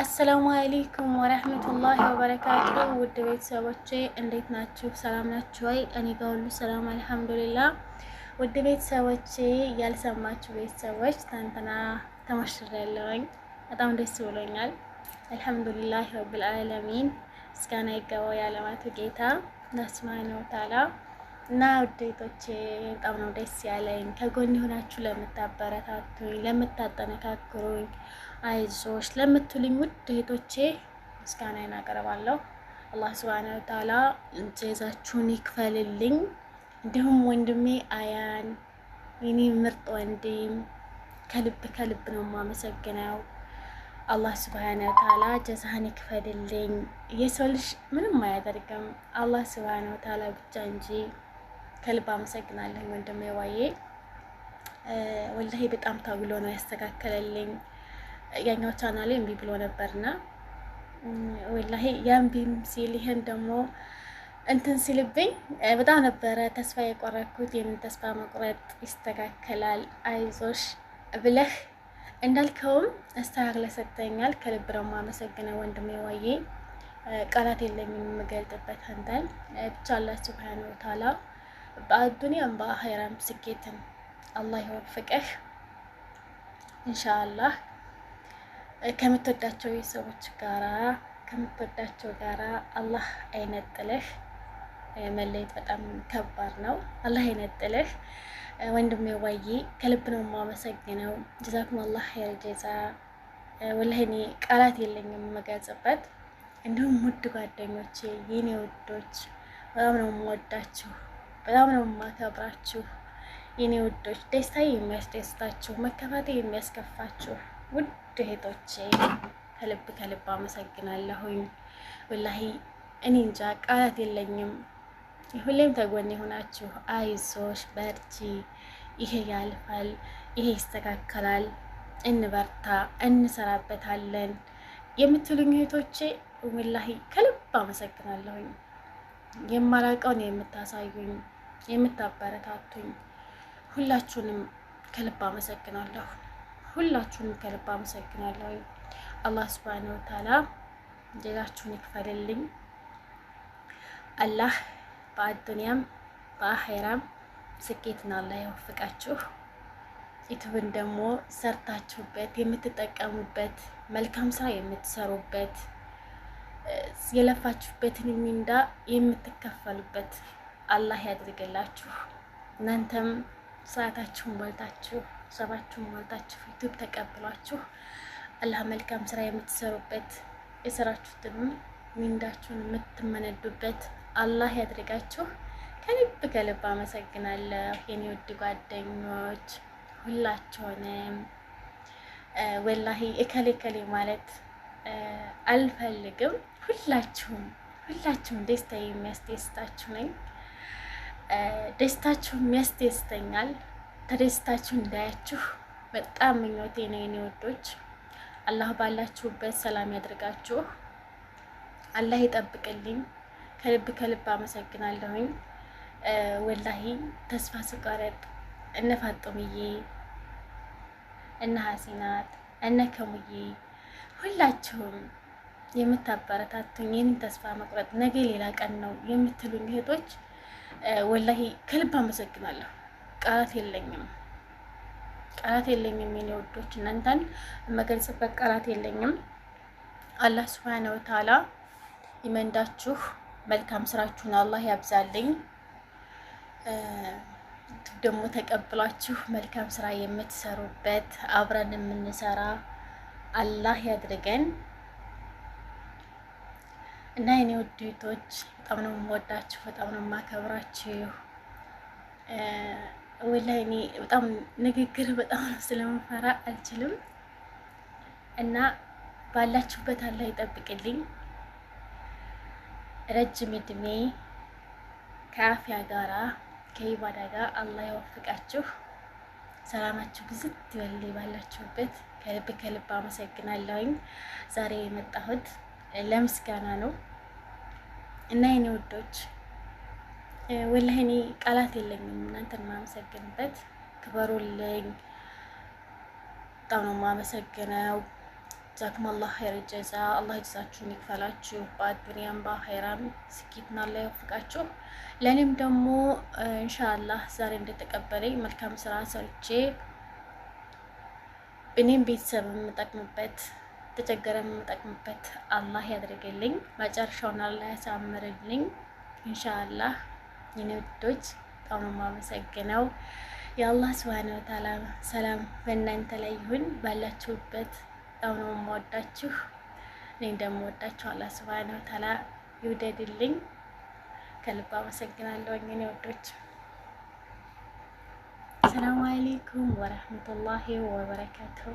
አሰላሙ አሌይኩም ወረህመቱላሂ ወበረካቱ ውድ ቤተሰቦቼ እንዴት ናችሁ? ሰላም ናችሁ ወይ? እኔ ጋር ሁሉ ሰላም አልሐምዱሊላ። ውድ ቤተሰቦቼ ያልሰማችሁ ቤተሰቦች ትናንትና ተማሽሬያለሁኝ። በጣም ደስ ብሎኛል። አልሐምዱሊላህ ረብል አለሚን ምስጋና ይገባው የዓለማቱ ጌታ አላህ ሱብሃነሁ ወተዓላ እና ውዴቶቼ በጣም ነው ደስ ያለኝ ከጎን የሆናችሁ ለምታበረታቱኝ፣ ለምታጠነካክሩኝ አይዞሽ ለምትሉኝ ውድ እህቶቼ ምስጋናዬን አቀርባለሁ። አላህ ስብሃነ ወተዓላ ጀዛችሁን ይክፈልልኝ። እንዲሁም ወንድሜ አያን የኔ ምርጥ ወንድም ከልብ ከልብ ነው የማመሰግነው። አላህ ሱብሃነሁ ወተዓላ ጀዛህን ይክፈልልኝ። የሰው ልጅ ምንም አያደርግም አላህ ሱብሃነሁ ወተዓላ ብቻ እንጂ ከልብ አመሰግናለሁ ወንድሜ ዋዬ። ወላሂ በጣም ታግሎ ነው ያስተካከለልኝ። ያኛው ቻናል እምቢ ብሎ ነበርና ወላሂ ያምቢም ሲል ይህን ደግሞ እንትን ሲልብኝ በጣም ነበረ ተስፋ የቆረኩት። የምን ተስፋ መቁረጥ ይስተካከላል፣ አይዞሽ ብለህ እንዳልከውም አስተካክለ ሰጥተኛል። ከልብ ደግሞ አመሰግነው ወንድም ዋዬ። ቃላት የለኝ የምገልጥበት አንተን ብቻ። አላህ ሱብሓነሁ ወተዓላ በአዱኒያም በአኸይራም ስኬትን አላህ ይወፍቀህ ኢንሻአላህ። ከምትወዳቸው የሰዎች ጋራ ከምትወዳቸው ጋራ አላህ አይነጥልህ። መለየት በጣም ከባድ ነው። አላህ አይነጥልህ። ወንድሜ ዋዬ ከልብ ነው የማመሰግነው። ጀዛኩም አላህ ያልጀዛ ወላሂ እኔ ቃላት የለኝም የምገልጽበት። እንዲሁም ውድ ጓደኞቼ፣ የኔ ውዶች በጣም ነው የምወዳችሁ፣ በጣም ነው የማከብራችሁ። የኔ ውዶች ደስታ የሚያስደስታችሁ፣ መከፋቴ የሚያስከፋችሁ ውድ እህቶቼ ከልብ ከልብ አመሰግናለሁኝ። ወላሂ እኔ እንጃ ቃላት የለኝም። ሁሌም ተጎን የሆናችሁ አይዞሽ፣ በርቺ፣ ይሄ ያልፋል፣ ይሄ ይስተካከላል፣ እንበርታ፣ እንሰራበታለን የምትሉኝ እህቶቼ ወላሂ ከልብ አመሰግናለሁኝ። የማላውቀውን የምታሳዩኝ፣ የምታበረታቱኝ ሁላችሁንም ከልብ አመሰግናለሁ። ሁላችሁም ከልብ አመሰግናለሁ። አላህ ሱብሃነሁ ወተዓላ ጀዛችሁን ይክፈልልኝ። አላህ በአዱንያም በአኼራም ስኬትን አላህ ይወፍቃችሁ። ዩቱብን ደግሞ ሰርታችሁበት የምትጠቀሙበት መልካም ስራ የምትሰሩበት የለፋችሁበትን ሚንዳ የምትከፈሉበት አላህ ያድርግላችሁ። እናንተም ሰዓታችሁን ሞልታችሁ ሰባችሁ ወልዳችሁ ዩቱብ ተቀብሏችሁ አላህ መልካም ስራ የምትሰሩበት የሰራችሁትን ሚንዳችሁን የምትመነዱበት አላህ ያድርጋችሁ። ከልብ ከልብ አመሰግናለሁ የኔ ውድ ጓደኞች ሁላችሁንም። ወላሂ እከሌ እከሌ ማለት አልፈልግም። ሁላችሁም ሁላችሁም ደስታ የሚያስደስታችሁ ነኝ። ደስታችሁ የሚያስደስተኛል። ተደስታችሁ እንዳያችሁ በጣም ምኞቴ ነው የኔ ወዶች። አላህ ባላችሁበት ሰላም ያድርጋችሁ። አላህ ይጠብቅልኝ። ከልብ ከልብ አመሰግናለሁኝ። ወላሂ ተስፋ ስቀረጥ እነ ፋጡምዬ፣ እነ ሀሲናት፣ እነ ከሙዬ ሁላችሁም የምታበረታቱኝ ይህንን ተስፋ መቁረጥ ነገ ሌላ ቀን ነው የምትሉኝ እህቶች ወላሂ ከልብ አመሰግናለሁ። ቃላት የለኝም፣ ቃላት የለኝም የኔ ውዶች፣ እናንተን የምገልጽበት ቃላት የለኝም። አላህ ስብሐነ ወተዓላ ይመንዳችሁ፣ መልካም ስራችሁን አላህ ያብዛልኝ። ደግሞ ተቀብላችሁ መልካም ስራ የምትሰሩበት አብረን የምንሰራ አላህ ያድርገን እና የኔ ውድቶች በጣም ነው የምወዳችሁ፣ በጣም ነው የማከብራችሁ። ወላሂ እኔ በጣም ንግግር በጣም ስለምፈራ አልችልም። እና ባላችሁበት አላህ ይጠብቅልኝ ረጅም እድሜ ከአፍያ ጋራ ከኢባዳ ጋር አላህ ያወፍቃችሁ። ሰላማችሁ ብዝት ይበል። ባላችሁበት። ከልብ ከልብ አመሰግናለሁኝ። ዛሬ የመጣሁት ለምስጋና ነው እና የኔ ውዶች ወላሂ እኔ ቃላት የለኝም እናንተን የማመሰግንበት። ክበሩልኝ። በጣም ነው የማመሰግነው። ጀዛኩሙላህ ኸይረ ጀዛ። አላህ ይግዛችሁን ይክፈላችሁ። በአዱንያም በአኼራም ስኬትን አላህ ይወፍቃችሁ። ለእኔም ደግሞ እንሻላህ ዛሬ እንደተቀበለኝ መልካም ስራ ሰርቼ እኔም ቤተሰብ የምጠቅምበት ተቸገረ የምጠቅምበት አላህ ያደርግልኝ መጨረሻውን አላህ ያሳምርልኝ። እንሻላህ የኔ ውዶች በጣም የማመሰግነው የአላህ ስብሃነ ወተዓላ ሰላም በእናንተ ላይ ይሁን። ባላችሁበት በጣም ነው የማወዳችሁ። እኔ ወዳችሁ አላህ ስብሃነ ወተዓላ ይውደድልኝ። ከልብ አመሰግናለሁ የኔ ውዶች። ሰላሙ አለይኩም ወረህመቱላሂ ወበረካቱሁ።